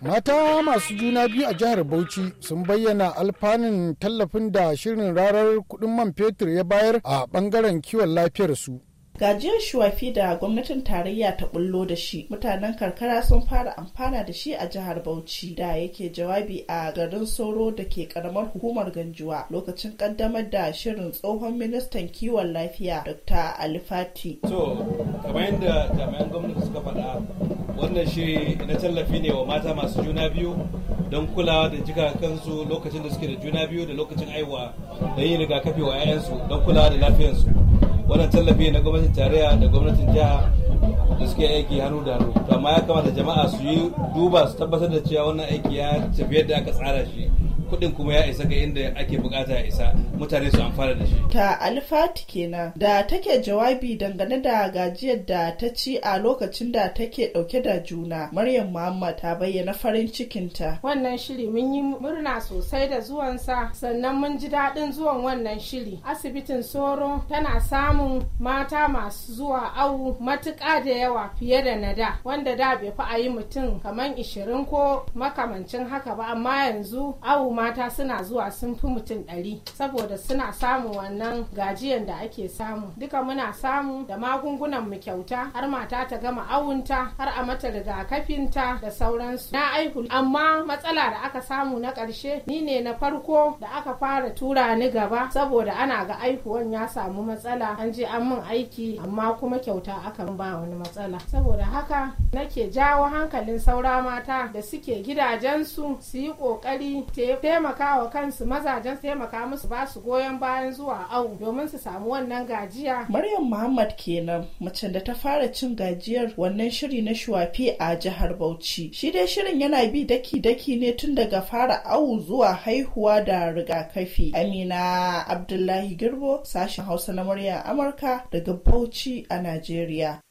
Mata masu juna biyu a jihar Bauchi sun bayyana alfanun tallafin da shirin rarar kudin man fetur ya bayar a bangaren kiwon lafiyar su. gajiyar shuwafi da gwamnatin tarayya ta bullo da shi mutanen karkara sun fara amfana da shi a jihar bauchi da yake jawabi a garin soro da ke karamar hukumar ganjuwa lokacin kaddamar da shirin tsohon ministan kiwon lafiya dr alifati so kamar yadda jami'an gwamnati suka faɗa wannan shiri na tallafi ne wa mata masu juna biyu don kulawa da jika kansu lokacin da suke da juna biyu da lokacin aiwa da yin rigakafi wa 'ya'yansu don kulawa da lafiyarsu wannan tallafi na gwamnatin tarayya da gwamnatin jiha da suke aiki hannu da hannu amma ya kamata jama'a su yi duba su tabbatar da cewa wannan aiki ya tafi yadda aka tsara shi kuɗin kuma ya isa ga inda ake bukata ya isa mutane su amfana da shi. Ta Alfati kenan da take jawabi dangane da gajiyar da ta ci a lokacin da take ɗauke da juna. Maryam Muhammad ta bayyana farin cikinta. Wannan shiri mun yi murna sosai da zuwan sa sannan mun ji daɗin zuwan wannan shiri. Asibitin Soro tana samun mata masu zuwa awu matuƙa da yawa fiye da na da wanda da bai fi a yi mutum kamar ishirin ko makamancin haka ba amma yanzu awu mata suna zuwa sun fi mutum ɗari saboda suna samun wannan gajiyan da ake samu duka muna samu da magungunan mu kyauta har mata ta gama awunta har a mata rigakafinta da sauransu na aihu amma matsala da aka samu na ƙarshe ni ne na farko da aka fara tura ni gaba saboda ana ga aihuwan ya samu matsala an je an min aiki amma kuma kyauta akan ba wani matsala saboda haka nake jawo hankalin saura mata da suke gidajensu su yi ƙoƙari taimaka wa kansu mazajen taimaka musu ba su goyon bayan zuwa awu domin su samu wannan gajiya. Maryam Muhammad kenan macen da ta fara cin gajiyar wannan shiri na shuwafi a jihar Bauchi. Shi dai shirin yana bi daki-daki ne tun daga fara awu zuwa haihuwa da rigakafi. Amina Abdullahi Girbo sashen Hausa na murya Amurka daga Bauchi a Najeriya.